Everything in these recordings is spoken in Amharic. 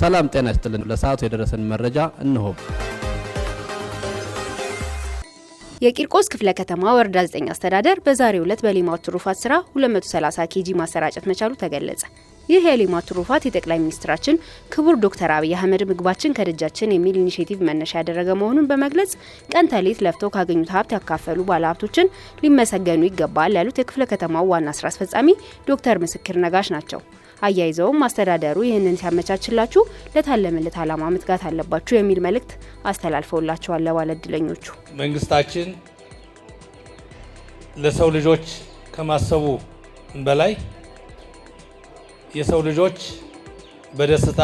ሰላም ጤና ይስጥልን። ለሰዓቱ የደረሰን መረጃ እንሆ። የቂርቆስ ክፍለ ከተማ ወረዳ 9 አስተዳደር በዛሬው ዕለት በሌማት ትሩፋት ስራ 230 ኬጂ ማሰራጨት መቻሉ ተገለጸ። ይህ የሌማት ትሩፋት የጠቅላይ ሚኒስትራችን ክቡር ዶክተር አብይ አህመድ ምግባችን ከደጃችን የሚል ኢኒሽቲቭ መነሻ ያደረገ መሆኑን በመግለጽ ቀን ተሌት ለፍተው ካገኙት ሀብት ያካፈሉ ባለሀብቶችን ሊመሰገኑ ይገባል ያሉት የክፍለ ከተማው ዋና ስራ አስፈጻሚ ዶክተር ምስክር ነጋሽ ናቸው። አያይዘውም አስተዳደሩ ይህንን ሲያመቻችላችሁ ለታለምለት ዓላማ መትጋት አለባችሁ የሚል መልእክት አስተላልፈውላቸዋል። ለባለ እድለኞቹ መንግስታችን ለሰው ልጆች ከማሰቡ በላይ የሰው ልጆች በደስታ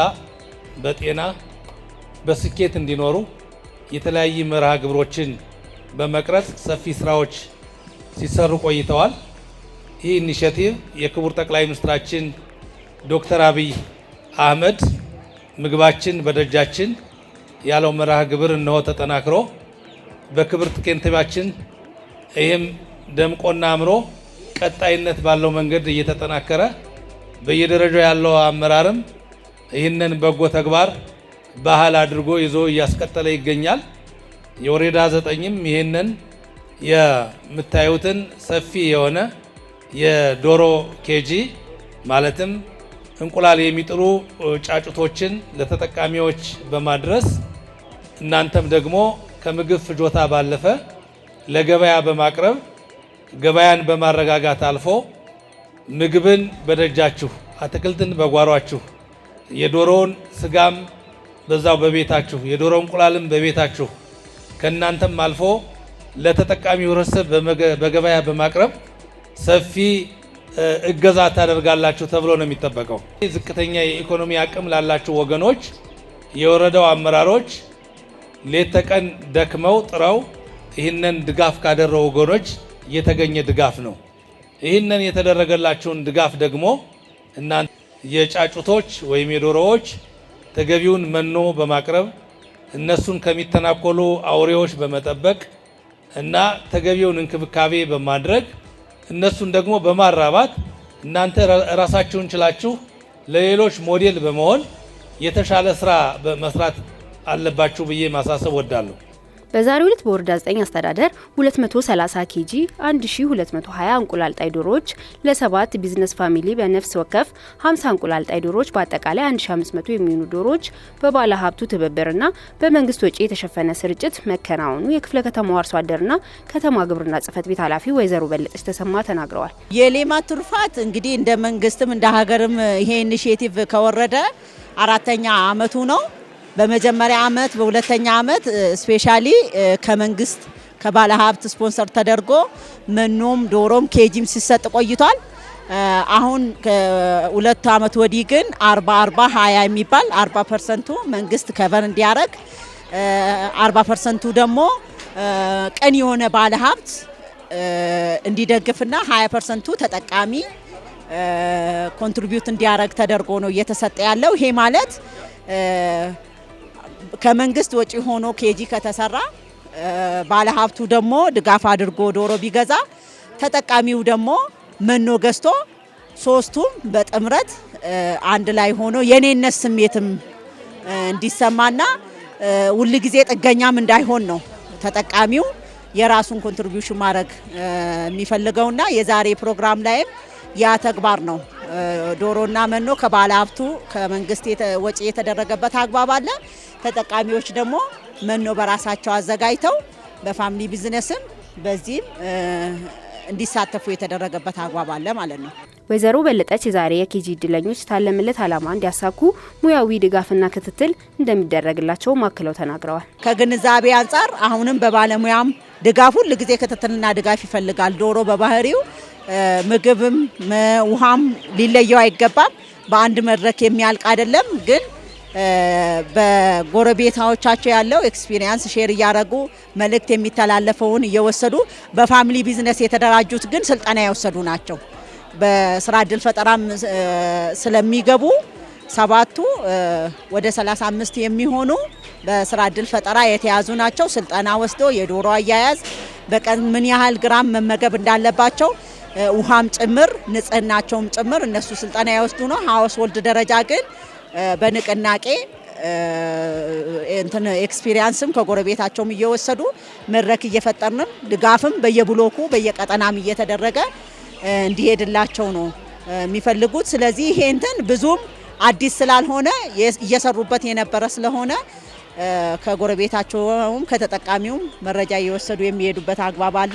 በጤና በስኬት እንዲኖሩ የተለያዩ መርሃ ግብሮችን በመቅረጽ ሰፊ ስራዎች ሲሰሩ ቆይተዋል። ይህ ኢኒሽቲቭ የክቡር ጠቅላይ ሚኒስትራችን ዶክተር አብይ አህመድ ምግባችን በደጃችን ያለው መርሃ ግብር እነሆ ተጠናክሮ በክብርት ከንቲባችን ይህም ደምቆና አምሮ ቀጣይነት ባለው መንገድ እየተጠናከረ በየደረጃው ያለው አመራርም ይህንን በጎ ተግባር ባህል አድርጎ ይዞ እያስቀጠለ ይገኛል። የወረዳ ዘጠኝም ይህንን የምታዩትን ሰፊ የሆነ የዶሮ ኬጂ ማለትም እንቁላል የሚጥሉ ጫጩቶችን ለተጠቃሚዎች በማድረስ እናንተም ደግሞ ከምግብ ፍጆታ ባለፈ ለገበያ በማቅረብ ገበያን በማረጋጋት አልፎ ምግብን በደጃችሁ፣ አትክልትን በጓሯችሁ፣ የዶሮውን ስጋም በዛው በቤታችሁ፣ የዶሮ እንቁላልም በቤታችሁ ከእናንተም አልፎ ለተጠቃሚው ህብረተሰብ በገበያ በማቅረብ ሰፊ እገዛ ታደርጋላችሁ ተብሎ ነው የሚጠበቀው። ዝቅተኛ የኢኮኖሚ አቅም ላላችሁ ወገኖች የወረዳው አመራሮች ሌት ተቀን ደክመው ጥረው ይህንን ድጋፍ ካደረው ወገኖች የተገኘ ድጋፍ ነው። ይህንን የተደረገላችሁን ድጋፍ ደግሞ እና የጫጩቶች ወይም የዶሮዎች ተገቢውን መኖ በማቅረብ እነሱን ከሚተናኮሉ አውሬዎች በመጠበቅ እና ተገቢውን እንክብካቤ በማድረግ እነሱን ደግሞ በማራባት እናንተ ራሳችሁን ችላችሁ ለሌሎች ሞዴል በመሆን የተሻለ ስራ መስራት አለባችሁ ብዬ ማሳሰብ ወዳለሁ። በዛሬው ዕለት በወረዳ 9 አስተዳደር 230 ኬጂ 1220 እንቁላል ጣይ ዶሮዎች ለሰባት ቢዝነስ ፋሚሊ በነፍስ ወከፍ 50 እንቁላል ጣይ ዶሮዎች በአጠቃላይ 1500 የሚሆኑ ዶሮዎች በባለ ሀብቱ ትብብርና በመንግስት ወጪ የተሸፈነ ስርጭት መከናወኑ የክፍለ ከተማው አርሶ አደርና ከተማ ግብርና ጽህፈት ቤት ኃላፊ ወይዘሮ በለጠች ተሰማ ተናግረዋል። የሌማት ትሩፋት እንግዲህ እንደ መንግስትም እንደ ሀገርም ይሄ ኢኒሽቲቭ ከወረደ አራተኛ አመቱ ነው። በመጀመሪያ አመት በሁለተኛ አመት ስፔሻሊ ከመንግስት ከባለ ሀብት ስፖንሰር ተደርጎ መኖም ዶሮም ኬጂም ሲሰጥ ቆይቷል። አሁን ከሁለት ዓመት ወዲህ ግን አርባ አርባ ሀያ የሚባል አርባ ፐርሰንቱ መንግስት ከቨር እንዲያደርግ አርባ ፐርሰንቱ ደግሞ ቀን የሆነ ባለ ሀብት እንዲደግፍና ሀያ ፐርሰንቱ ተጠቃሚ ኮንትሪቢዩት እንዲያደርግ ተደርጎ ነው እየተሰጠ ያለው። ይሄ ማለት ከመንግስት ወጪ ሆኖ ኬጂ ከተሰራ ባለሀብቱ ደግሞ ድጋፍ አድርጎ ዶሮ ቢገዛ ተጠቃሚው ደግሞ መኖ ገዝቶ ሶስቱም በጥምረት አንድ ላይ ሆኖ የኔነት ስሜትም እንዲሰማና ሁል ጊዜ ጥገኛም እንዳይሆን ነው ተጠቃሚው የራሱን ኮንትሪቢሽን ማድረግ የሚፈልገውና የዛሬ ፕሮግራም ላይም ያ ተግባር ነው ዶሮና መኖ ከባለ ሀብቱ ከመንግስት ወጪ የተደረገበት አግባብ አለ። ተጠቃሚዎች ደግሞ መኖ በራሳቸው አዘጋጅተው በፋሚሊ ቢዝነስም በዚህም እንዲሳተፉ የተደረገበት አግባብ አለ ማለት ነው። ወይዘሮ በለጠች ዛሬ የኬጂ እድለኞች ታለምለት ዓላማ እንዲያሳኩ ሙያዊ ድጋፍና ክትትል እንደሚደረግላቸው ማክለው ተናግረዋል። ከግንዛቤ አንጻር አሁንም በባለሙያም ድጋፍ ሁል ጊዜ ክትትልና ድጋፍ ይፈልጋል። ዶሮ በባህሪው ምግብም ውሃም ሊለየው አይገባም። በአንድ መድረክ የሚያልቅ አይደለም። ግን በጎረቤታዎቻቸው ያለው ኤክስፒሪየንስ ሼር እያደረጉ መልእክት የሚተላለፈውን እየወሰዱ በፋሚሊ ቢዝነስ የተደራጁት ግን ስልጠና የወሰዱ ናቸው። በስራ እድል ፈጠራም ስለሚገቡ ሰባቱ ወደ 35 የሚሆኑ በስራ እድል ፈጠራ የተያዙ ናቸው። ስልጠና ወስዶ የዶሮ አያያዝ በቀን ምን ያህል ግራም መመገብ እንዳለባቸው ውሃም ጭምር ንጽህናቸውም ጭምር እነሱ ስልጠና ይወስዱ ነው። ሀውስ ወልድ ደረጃ ግን በንቅናቄ እንትን ኤክስፒሪያንስም ከጎረቤታቸውም እየወሰዱ መድረክ እየፈጠርንም ድጋፍም በየብሎኩ በየቀጠናም እየተደረገ እንዲሄድላቸው ነው የሚፈልጉት። ስለዚህ ይሄ እንትን ብዙም አዲስ ስላልሆነ እየሰሩበት የነበረ ስለሆነ ከጎረቤታቸውም ከተጠቃሚውም መረጃ እየወሰዱ የሚሄዱበት አግባብ አለ።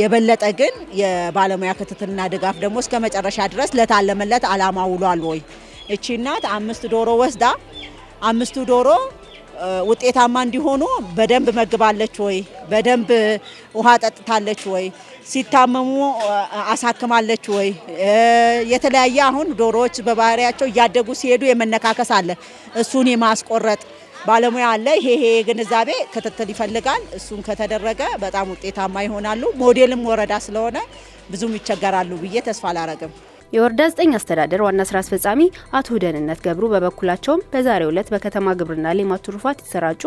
የበለጠ ግን የባለሙያ ክትትልና ድጋፍ ደግሞ እስከ መጨረሻ ድረስ ለታለመለት አላማ ውሏል ወይ? እቺ እናት አምስት ዶሮ ወስዳ አምስቱ ዶሮ ውጤታማ እንዲሆኑ በደንብ መግባለች ወይ፣ በደንብ ውሃ ጠጥታለች ወይ፣ ሲታመሙ አሳክማለች ወይ፣ የተለያየ አሁን ዶሮዎች በባህሪያቸው እያደጉ ሲሄዱ የመነካከስ አለ፣ እሱን የማስቆረጥ ባለሙያ አለ። ይሄ ይሄ ግንዛቤ ክትትል ይፈልጋል። እሱን ከተደረገ በጣም ውጤታማ ይሆናሉ። ሞዴልም ወረዳ ስለሆነ ብዙም ይቸገራሉ ብዬ ተስፋ አላረግም። የወረዳ 9 አስተዳደር ዋና ስራ አስፈጻሚ አቶ ደህንነት ገብሩ በበኩላቸውም በዛሬው ዕለት በከተማ ግብርና ልማት ትሩፋት የተሰራጩ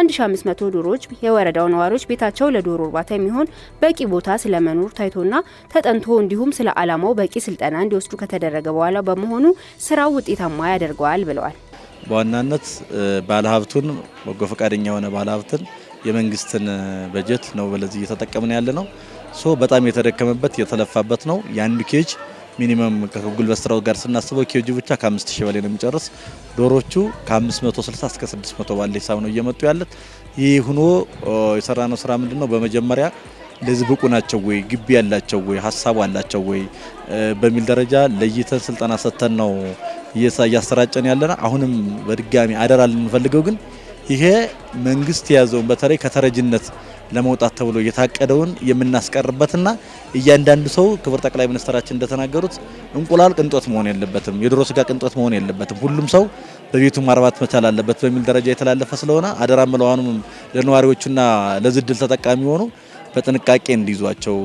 1500 ዶሮዎች የወረዳው ነዋሪዎች ቤታቸው ለዶሮ እርባታ የሚሆን በቂ ቦታ ስለመኖሩ ታይቶና ተጠንቶ እንዲሁም ስለ ዓላማው በቂ ስልጠና እንዲወስዱ ከተደረገ በኋላ በመሆኑ ስራው ውጤታማ ያደርገዋል ብለዋል። በዋናነት ባለሀብቱን በጎ ፈቃደኛ የሆነ ባለሀብትን የመንግስትን በጀት ነው በለዚህ እየተጠቀምን ያለ ነው። ሶ በጣም የተደከመበት የተለፋበት ነው የአንዱ ኬጅ ሚኒመም ከጉልበት ስራው ጋር ስናስበው ኬጂ ብቻ ከ5000 በላይ ነው የሚጨርስ። ዶሮቹ ከ560 እስከ 600 ባለ ሂሳብ ነው እየመጡ ያለት። ይህ ሆኖ የሰራነው ስራ ምንድን ነው? በመጀመሪያ ለዚህ ብቁ ናቸው ወይ፣ ግቢ ያላቸው ወይ፣ ሀሳቡ አላቸው ወይ በሚል ደረጃ ለይተን ስልጠና ሰጥተን ነው እያሰራጨን ያለና አሁንም በድጋሚ አደራ ልንፈልገው ግን ይሄ መንግስት የያዘውን በተለይ ከተረጅነት ለመውጣት ተብሎ የታቀደውን የምናስቀርበትና እያንዳንዱ ሰው ክቡር ጠቅላይ ሚኒስትራችን እንደተናገሩት እንቁላል ቅንጦት መሆን የለበትም፣ የዶሮ ስጋ ቅንጦት መሆን የለበትም፣ ሁሉም ሰው በቤቱ ማርባት መቻል አለበት በሚል ደረጃ የተላለፈ ስለሆነ አደራ መለዋኑም ለነዋሪዎቹና ለዝድል ተጠቃሚ ሆኑ በጥንቃቄ እንዲይዟቸው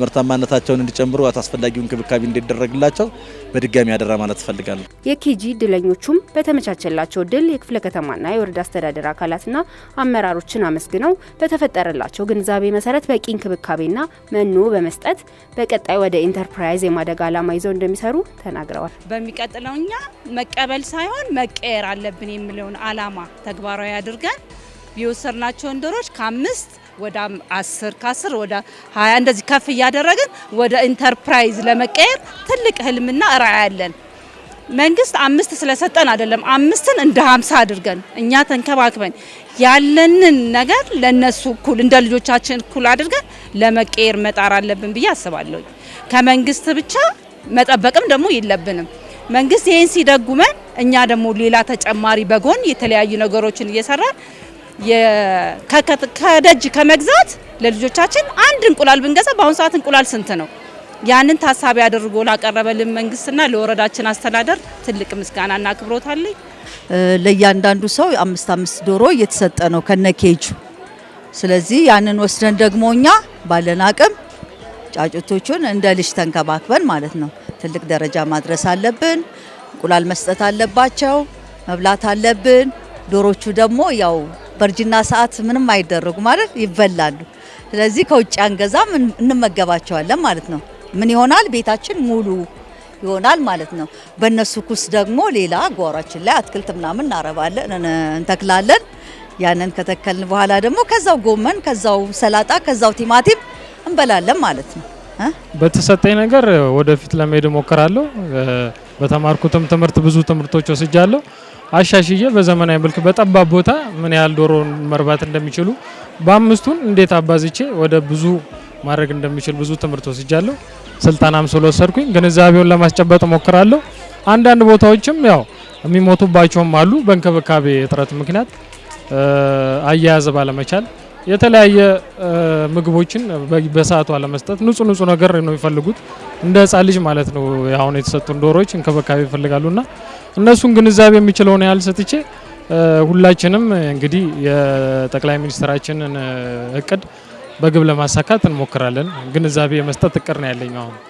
ምርታማነታቸውን እንዲጨምሩ አስፈላጊውን እንክብካቤ እንዲደረግላቸው በድጋሚ ያደራ ማለት እፈልጋለሁ። የኬጂ ድለኞቹም በተመቻቸላቸው ድል የክፍለ ከተማና የወረዳ አስተዳደር አካላትና አመራሮችን አመስግነው በተፈጠረላቸው ግንዛቤ መሰረት በቂ እንክብካቤና መኖ በመስጠት በቀጣይ ወደ ኢንተርፕራይዝ የማደግ ዓላማ ይዘው እንደሚሰሩ ተናግረዋል። በሚቀጥለው እኛ መቀበል ሳይሆን መቀየር አለብን የሚለውን ዓላማ ተግባራዊ አድርገን የወሰድናቸውን ዶሮች ከአምስት ወደ አስር ከአስር ወደ ሀያ እንደዚህ ከፍ እያደረግን ወደ ኢንተርፕራይዝ ለመቀየር ትልቅ ህልምና ራዕይ ያለን መንግስት አምስት ስለሰጠን አይደለም፣ አምስትን እንደ ሀምሳ አድርገን እኛ ተንከባክበን ያለንን ነገር ለነሱ እኩል እንደ ልጆቻችን እኩል አድርገን ለመቀየር መጣር አለብን ብዬ አስባለሁ። ከመንግስት ብቻ መጠበቅም ደግሞ የለብንም። መንግስት ይህን ሲደጉመን፣ እኛ ደግሞ ሌላ ተጨማሪ በጎን የተለያዩ ነገሮችን እየሰራን ከደጅ ከመግዛት ለልጆቻችን አንድ እንቁላል ብንገዛ በአሁኑ ሰዓት እንቁላል ስንት ነው? ያንን ታሳቢ አድርጎ ላቀረበልን መንግስትና ለወረዳችን አስተዳደር ትልቅ ምስጋናና አክብሮት አለኝ። ለእያንዳንዱ ሰው አምስት አምስት ዶሮ እየተሰጠ ነው ከነኬጁ። ስለዚህ ያንን ወስደን ደግሞ እኛ ባለን አቅም ጫጩቶቹን እንደ ልጅ ተንከባክበን ማለት ነው ትልቅ ደረጃ ማድረስ አለብን። እንቁላል መስጠት አለባቸው፣ መብላት አለብን። ዶሮቹ ደግሞ ያው በእርጅና ሰዓት ምንም አይደረጉ ማለት ይበላሉ። ስለዚህ ከውጭ አንገዛም፣ እንመገባቸዋለን ማለት ነው። ምን ይሆናል? ቤታችን ሙሉ ይሆናል ማለት ነው። በእነሱ ኩስ ደግሞ ሌላ ጓሯችን ላይ አትክልት ምናምን እናረባለን፣ እንተክላለን። ያንን ከተከልን በኋላ ደግሞ ከዛው ጎመን፣ ከዛው ሰላጣ፣ ከዛው ቲማቲም እንበላለን ማለት ነው። በተሰጠኝ ነገር ወደፊት ለመሄድ እሞክራለሁ። በተማርኩትም ትምህርት ብዙ ትምህርቶች ወስጃለሁ። አሻሽዬ በዘመናዊ መልክ በጠባብ ቦታ ምን ያህል ዶሮን መርባት እንደሚችሉ በአምስቱን እንዴት አባዝቼ ወደ ብዙ ማድረግ እንደሚችል ብዙ ትምህርት ወስጃለሁ። ስልጠናም ስለወሰድኩኝ ግንዛቤውን ለማስጨበጥ ሞክራለሁ። አንዳንድ ቦታዎችም ያው የሚሞቱባቸውም አሉ በእንክብካቤ እጥረት ምክንያት አያያዝ ባለመቻል የተለያየ ምግቦችን በሰዓቷ ለመስጠት ንጹህ ንጹህ ነገር ነው የሚፈልጉት። እንደ ህጻን ልጅ ማለት ነው። አሁን የተሰጡን ዶሮዎች እንክብካቤ ይፈልጋሉ እና እነሱን ግንዛቤ የሚችለውን ያህል ሰጥቼ ሁላችንም እንግዲህ የጠቅላይ ሚኒስትራችንን እቅድ በግብ ለማሳካት እንሞክራለን። ግንዛቤ የመስጠት እቅድ ነው ያለኝ አሁን